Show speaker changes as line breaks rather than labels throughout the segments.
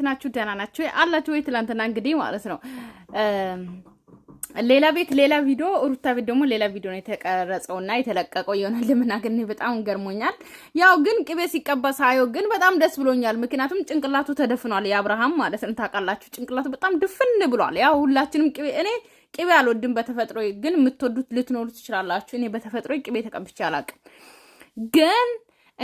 እንዴት ናችሁ? ደህና ናችሁ አላችሁ ወይ? ትላንትና እንግዲህ ማለት ነው ሌላ ቤት ሌላ ቪዲዮ ሩታ ቤት ደግሞ ሌላ ቪዲዮ ነው የተቀረጸው የተቀረጸውና የተለቀቀው ይሆናል። ለመናገር በጣም ገርሞኛል። ያው ግን ቅቤ ሲቀባ ሳየው ግን በጣም ደስ ብሎኛል። ምክንያቱም ጭንቅላቱ ተደፍኗል። የአብርሃም ማለት ነው ታውቃላችሁ፣ ጭንቅላቱ በጣም ድፍን ብሏል። ያው ሁላችንም ቅቤ እኔ ቅቤ አልወድም በተፈጥሮ ግን የምትወዱት ልትኖሩ ትችላላችሁ። እኔ በተፈጥሮ ቅቤ ተቀብቼ አላውቅም ግን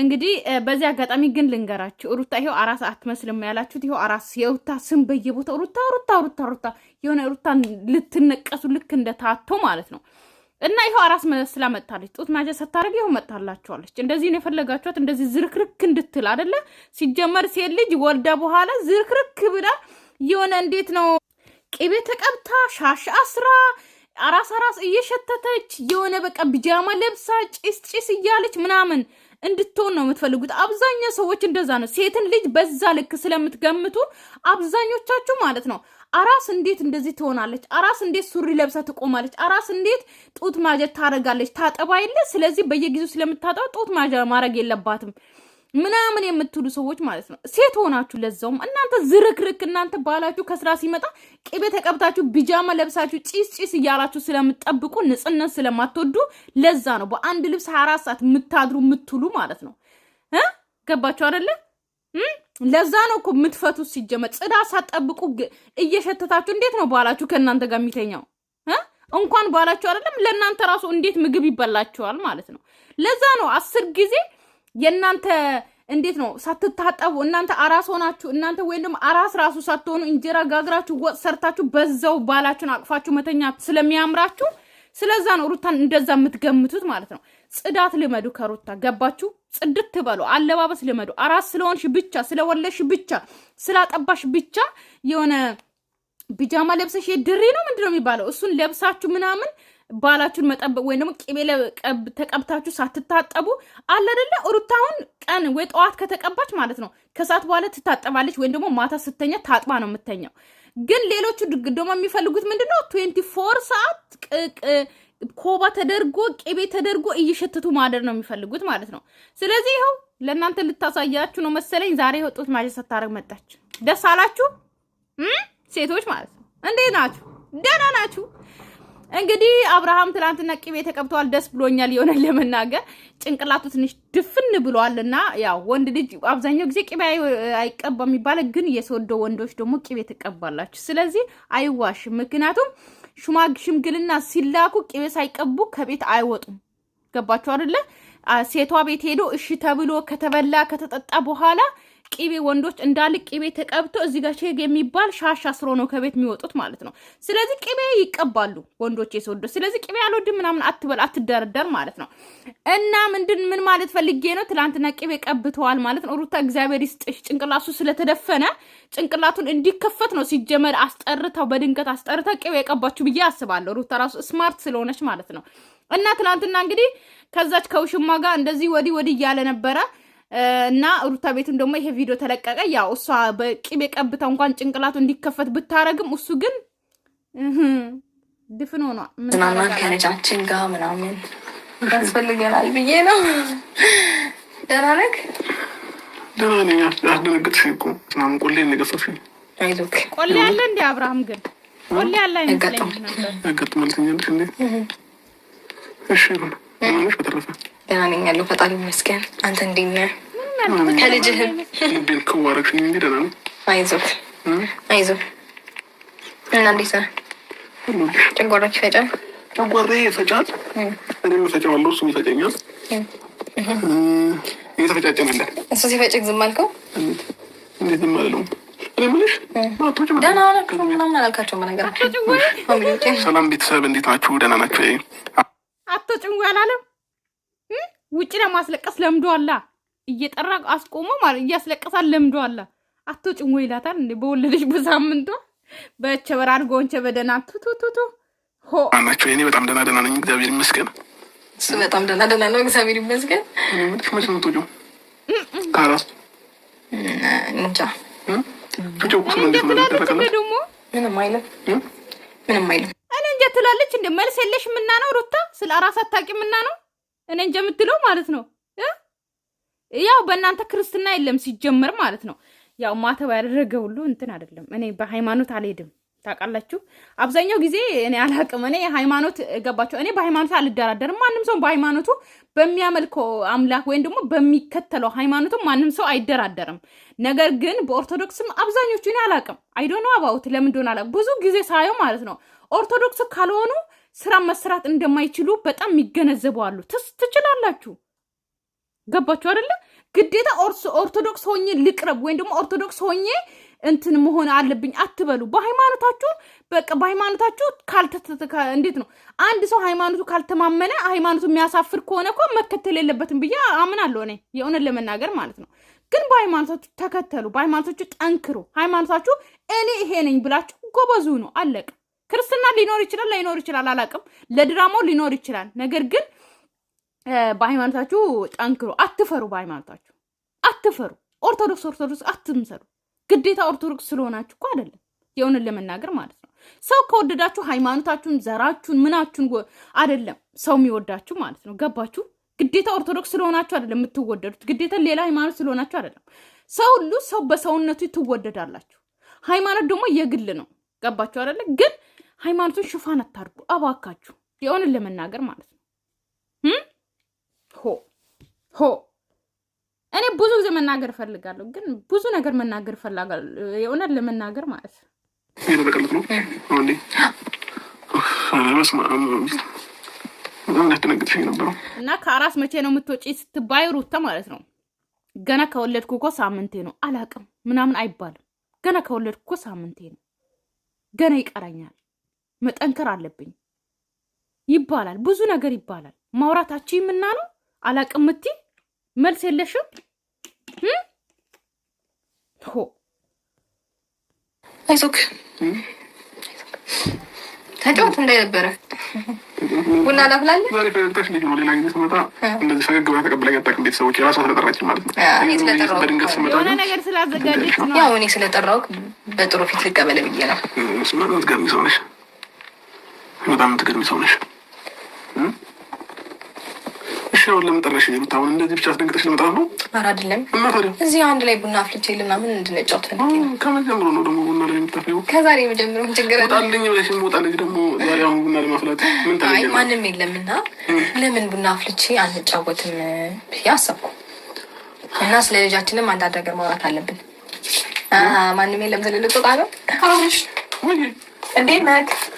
እንግዲህ በዚህ አጋጣሚ ግን ልንገራችሁ ሩታ ይሄው አራስ አትመስልም ያላችሁት ይሄው አራስ የሩታ ስም በየቦታው ሩታ ሩታ ሩታ ሩታ የሆነ ሩታን ልትነቀሱ ልክ እንደ ታቶ ማለት ነው። እና ይኸው አራስ መስላ መጥታለች። ጡት ማጀ ስታደርግ ይኸው መጥታላችኋለች። እንደዚህ ነው የፈለጋችኋት፣ እንደዚህ ዝርክርክ እንድትል አደለ። ሲጀመር ሴት ልጅ ወልዳ በኋላ ዝርክርክ ብላ የሆነ እንዴት ነው ቅቤ ተቀብታ ሻሽ አስራ አራስ አራስ እየሸተተች የሆነ በቃ ቢጃማ ለብሳ ጭስ ጭስ እያለች ምናምን እንድትሆን ነው የምትፈልጉት። አብዛኛው ሰዎች እንደዛ ነው። ሴትን ልጅ በዛ ልክ ስለምትገምቱ አብዛኞቻችሁ ማለት ነው አራስ እንዴት እንደዚህ ትሆናለች? አራስ እንዴት ሱሪ ለብሳ ትቆማለች? አራስ እንዴት ጡት ማጀት ታደርጋለች? ታጠባ የለ ስለዚህ በየጊዜው ስለምታጠባ ጡት ማጀ ማድረግ የለባትም ምናምን የምትሉ ሰዎች ማለት ነው። ሴት ሆናችሁ ለዛውም እናንተ ዝርክርክ እናንተ ባላችሁ ከስራ ሲመጣ ቅቤ ተቀብታችሁ ቢጃማ ለብሳችሁ ጭስ ጭስ እያላችሁ ስለምጠብቁ ንጽህነት ስለማትወዱ ለዛ ነው በአንድ ልብስ ሀያ አራት ሰዓት የምታድሩ የምትሉ ማለት ነው። ገባችሁ አደለ? ለዛ ነው እኮ የምትፈቱት። ሲጀመር ጽዳ ሳትጠብቁ እየሸተታችሁ እንዴት ነው ባላችሁ ከእናንተ ጋር የሚተኛው? እንኳን ባላችሁ አደለም ለእናንተ ራሱ እንዴት ምግብ ይበላችኋል ማለት ነው። ለዛ ነው አስር ጊዜ የእናንተ እንዴት ነው ሳትታጠቡ እናንተ አራስ ሆናችሁ እናንተ ወይም ደግሞ አራስ ራሱ ሳትሆኑ እንጀራ ጋግራችሁ ወጥ ሰርታችሁ በዛው ባላችሁን አቅፋችሁ መተኛ ስለሚያምራችሁ ስለዛ ነው ሩታን እንደዛ የምትገምቱት ማለት ነው። ጽዳት ልመዱ ከሩታ ገባችሁ። ጽድት ትበሉ፣ አለባበስ ልመዱ። አራስ ስለሆንሽ ብቻ ስለወለሽ ብቻ ስላጠባሽ ብቻ የሆነ ቢጃማ ለብሰሽ የድሬ ነው ምንድነው የሚባለው እሱን ለብሳችሁ ምናምን ባላችሁን መጠበቅ ወይም ደግሞ ቅቤ ተቀብታችሁ ሳትታጠቡ አለ አይደለ? ሩታውን ቀን ወይ ጠዋት ከተቀባች ማለት ነው ከሰዓት በኋላ ትታጠባለች፣ ወይም ደግሞ ማታ ስተኛ ታጥባ ነው የምተኛው። ግን ሌሎቹ ደግሞ የሚፈልጉት ምንድነው? ትዌንቲ ፎር ሰዓት ኮባ ተደርጎ ቅቤ ተደርጎ እየሸተቱ ማደር ነው የሚፈልጉት ማለት ነው። ስለዚህ ይኸው ለእናንተ ልታሳያችሁ ነው መሰለኝ። ዛሬ ይኸው ጡት ስታደርግ መጣች። ደስ አላችሁ ሴቶች ማለት ነው። እንዴት ናችሁ? ደህና ናችሁ? እንግዲህ አብርሃም ትናንትና ቅቤ ተቀብተዋል። ደስ ብሎኛል። የሆነ ለመናገር ጭንቅላቱ ትንሽ ድፍን ብሏል እና ያው ወንድ ልጅ አብዛኛው ጊዜ ቅቤ አይቀባም የሚባለው ግን የሰወደው ወንዶች ደግሞ ቅቤ ትቀባላችሁ። ስለዚህ አይዋሽም። ምክንያቱም ሽምግልና ሲላኩ ቅቤ ሳይቀቡ ከቤት አይወጡም። ገባችሁ አይደለ? ሴቷ ቤት ሄዶ እሺ ተብሎ ከተበላ ከተጠጣ በኋላ ቂቤ ወንዶች እንዳል ቂቤ ተቀብቶ እዚህ ጋር ሼግ የሚባል ሻሽ አስሮ ነው ከቤት የሚወጡት ማለት ነው። ስለዚህ ቂቤ ይቀባሉ ወንዶች የሰወዶ ስለዚህ ቂቤ አልወድም ምናምን አትበል አትደረደር ማለት ነው። እና ምንድን ምን ማለት ፈልጌ ነው ትላንትና ቂቤ ቀብተዋል ማለት ነው። ሩታ እግዚአብሔር ይስጥሽ፣ ጭንቅላቱ ስለተደፈነ ጭንቅላቱን እንዲከፈት ነው ሲጀመር አስጠርተው በድንገት አስጠርታ ቂቤ የቀባችሁ ብዬ አስባለሁ። ሩታ ራሱ ስማርት ስለሆነች ማለት ነው። እና ትላንትና እንግዲህ ከዛች ከውሽማ ጋር እንደዚህ ወዲህ ወዲህ እያለ ነበረ እና ሩታ ቤትም ደግሞ ይሄ ቪዲዮ ተለቀቀ። ያው እሷ በቂቤ ቀብታ እንኳን ጭንቅላቱ እንዲከፈት ብታረግም እሱ ግን ድፍን ሆኗል።
ምናምን ጋር ምናምን ያስፈልገናል ብዬ ነው። ደህና ነህ?
ደህና ነኝ። እኮ ምናምን ቆሌ
ቆሌ አለ አብርሃም ግን ቆሌ አለ
እንዴ?
እሺ በተረፈ
ደህና ነኝ ያለው ፈጣሪ ይመስገን። አንተ እንዴት ነህ? ከልጅህም
ቤት ደህና ነው።
አይዞህ አይዞህ። እና እንዴት ነህ? ይፈጫል? ጨጓራ ይፈጫል።
እሱም ይፈጨኛል።
እሱ ሲፈጭግ ዝም አልከው?
እንዴት ዝም አልለውም። ሰላም ቤተሰብ እንዴት ናችሁ? ደህና ናቸው።
አትወጪም አላለም ውጭ ለማስለቀስ ለምዶ አላ እየጠራ አስቆሞ ማለት እያስለቀሳል ለምዶ አላ አትወጭም ወይ ይላታል። እንደ በወለደች በሳምንቱ በቸበር አድጎ ወንቸ በደህና ቱቱቱቱ
ሆ አማቸው እኔ በጣም ደህና ደህና ነኝ፣ እግዚአብሔር ይመስገን።
እሱ በጣም ደህና ደህና ነው፣ እግዚአብሔር ይመስገን።
መች ነው ቶጆ አራስ
እንጃ ምንም አይልም፣ ምንም አይልም።
እኔ እንጃ ትላለች። እንደ መልስ የለሽ ምና ነው ሩታ ስለ አራስ አታውቂ ምና ነው እኔ እንጃ የምትለው ማለት ነው። ያው በእናንተ ክርስትና የለም ሲጀመር ማለት ነው። ያው ማተብ ያደረገ ሁሉ እንትን አይደለም። እኔ በሃይማኖት አልሄድም ታውቃላችሁ። አብዛኛው ጊዜ እኔ አላቅም። እኔ ሃይማኖት ገባቸው። እኔ በሃይማኖት አልደራደርም። ማንም ሰው በሃይማኖቱ በሚያመልከው አምላክ ወይም ደግሞ በሚከተለው ሃይማኖቱ ማንም ሰው አይደራደርም። ነገር ግን በኦርቶዶክስም አብዛኞቹ እኔ አላቅም። ነው አባውት ለምን አላቅም። ብዙ ጊዜ ሳየው ማለት ነው ኦርቶዶክስ ካልሆኑ ስራ መስራት እንደማይችሉ በጣም የሚገነዘቡ አሉ። ትችላላችሁ። ገባችሁ አይደለ? ግዴታ ኦርቶዶክስ ሆኜ ልቅረብ ወይም ደግሞ ኦርቶዶክስ ሆኜ እንትን መሆን አለብኝ አትበሉ። በሃይማኖታችሁ በቃ በሃይማኖታችሁ እንዴት ነው አንድ ሰው ሃይማኖቱ ካልተማመነ ሃይማኖቱ የሚያሳፍር ከሆነ እኮ መከተል የለበትም ብዬ አምናለሁ እኔ የእውነት ለመናገር ማለት ነው። ግን በሃይማኖታችሁ ተከተሉ፣ በሃይማኖታችሁ ጠንክሩ። ሃይማኖታችሁ እኔ ይሄ ነኝ ብላችሁ ጎበዙ ነው አለቅ ክርስትና ሊኖር ይችላል ላይኖር ይችላል አላቅም፣ ለድራማው ሊኖር ይችላል። ነገር ግን በሃይማኖታችሁ ጠንክሮ አትፈሩ፣ በሃይማኖታችሁ አትፈሩ። ኦርቶዶክስ ኦርቶዶክስ አትምሰሩ። ግዴታ ኦርቶዶክስ ስለሆናችሁ እኮ አይደለም፣ የእውነት ለመናገር ማለት ነው። ሰው ከወደዳችሁ ሃይማኖታችሁን፣ ዘራችሁን፣ ምናችሁን አይደለም ሰው የሚወዳችሁ ማለት ነው። ገባችሁ? ግዴታ ኦርቶዶክስ ስለሆናችሁ አይደለም የምትወደዱት፣ ግዴታ ሌላ ሃይማኖት ስለሆናችሁ አይደለም። ሰው ሁሉ ሰው በሰውነቱ ትወደዳላችሁ። ሃይማኖት ደግሞ የግል ነው። ገባችሁ አይደለ ግን ሃይማኖቱን ሽፋን አታርጉ አባካችሁ። የሆንን ለመናገር ማለት ነው። ሆ ሆ እኔ ብዙ ጊዜ መናገር እፈልጋለሁ፣ ግን ብዙ ነገር መናገር እፈልጋለሁ። የሆነን ለመናገር ማለት
ነው።እና
እና ከአራስ መቼ ነው የምትወጪ ስትባይ ሩተ ማለት ነው ገና ከወለድኩ እኮ ሳምንቴ ነው አላቅም ምናምን አይባልም። ገና ከወለድኩ እኮ ሳምንቴ ነው ገና ይቀረኛል። መጠንከር አለብኝ ይባላል። ብዙ ነገር ይባላል። ማውራታችሁ የምና ነው አላቅም መልስ የለሽም ሆ
አይዞክ ተጫወት እንዳይነበረ ቡና ላፍላለች።
ዛሬ ልጅ ነው። እንደዚህ ፈገግ ብላ
ነገር ስላዘጋጀች
ነው። ያው እኔ ስለጠራሁት በጥሩ ፊት ልቀበል ብዬ ነው።
ሰው ነሽ በጣም የምትገርሚ ሰው ነሽ። እሺ አሁን ለመጠረሽ የምታ አሁን እንደዚህ ብቻ አስደንግጠሽ ለመጣት ነው? ኧረ አይደለም። እና ታዲያ
እዚህ አንድ ላይ ቡና አፍልቼ ምናምን እንድንጫወት ፈልጌ
ነው። ጀምሮ ነው ደግሞ ቡና ላይ የምታፈው?
ከዛሬ የምጀምረው ምን ችግር አለ?
ወጣልኝ ብለሽ ወጣልኝ። ደግሞ ዛሬ አሁን ቡና ለማፍላት
ምን ታዲያ? ማንም የለም እና ለምን ቡና አፍልቼ አንጫወትም ብዬ አሰብኩ እና ስለ ልጃችንም አንዳንድ ነገር ማውራት አለብን። ማንም የለም። ዘለለ ነው እንዴት ነህ?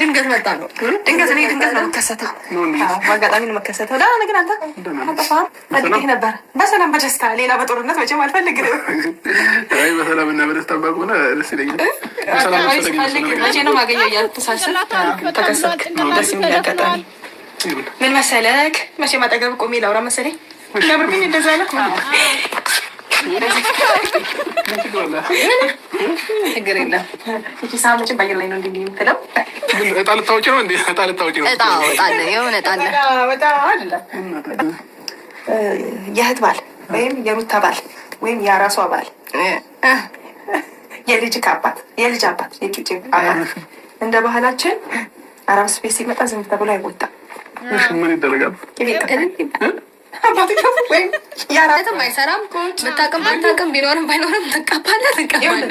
ድንገት ነው ነው የምከሰተው። በሰላም በደስታ ሌላ በጦርነት ነው ምን መሰለክ፣ መቼም አጠገብ ቆሜ ላውራ መሰለኝ ነብርብኝ እንደዛ ነው ችግር የለም። ሳህኖችን በአየር ላይ ነው እንዲ የምትለው
እጣ ልታወጪ ነው እንዴ? እጣ ልታወጪ ነው።
እጣ እወጣለሁ። የሆነ እጣ የእህት ባል ወይም የሩታ ባል ወይም የራሷ ባል የልጅ አባት የልጅ አባት የጩጭ አባት እንደ ባህላችን አረብ ስፔስ ሲመጣ ዝም ተብሎ አይወጣም። ምን ይደረጋል? ወይም ያራትም አይሰራም። ብታቅም ባታቅም ቢኖርም ባይኖርም ትቀባለ ትቀባለ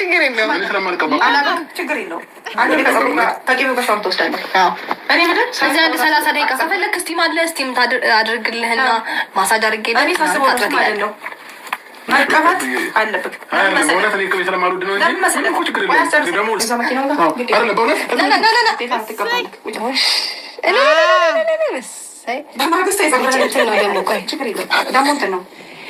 ችግር ችግር የለውም። እዚህ አንድ ደቂቃ ከፈለክ እስቲም አለ እስቲም አድርግልህና ማሳጅ አድርጌልህ መቀባት አለበት።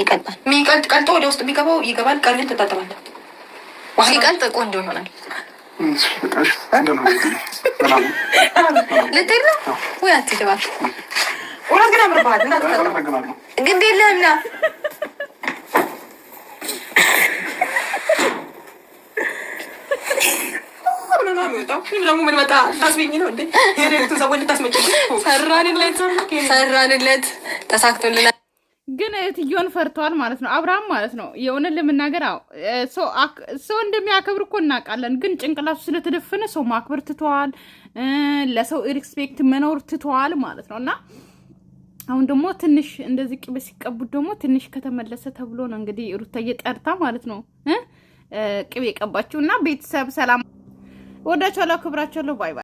ይቀልጣል። የሚቀልጥ ቀልጦ ወደ ውስጥ የሚገባው ይገባል። ቀልን ትታጠባለህ። ሲቀልጥ ቆንጆ ይሆናል። ልትሄድ ነው ወይ? አትሄድም። እውነት ግን ግድ ና ሰራንለት ተሳክቶልናል።
እህትዮን ፈርተዋል ማለት ነው አብርሃም ማለት ነው። የእውነት ለመናገር አዎ ሰው እንደሚያከብር እኮ እናውቃለን፣ ግን ጭንቅላቱ ስለተደፈነ ሰው ማክበር ትተዋል፣ ለሰው ሪስፔክት መኖር ትተዋል ማለት ነው እና አሁን ደግሞ ትንሽ እንደዚህ ቅቤ ሲቀቡት ደግሞ ትንሽ ከተመለሰ ተብሎ ነው እንግዲህ ሩታዬ ጠርታ ማለት ነው ቅቤ ቀባችሁ እና ቤተሰብ ሰላም ወዳችኋለሁ፣ ክብራችኋለሁ። ባይ ባይ።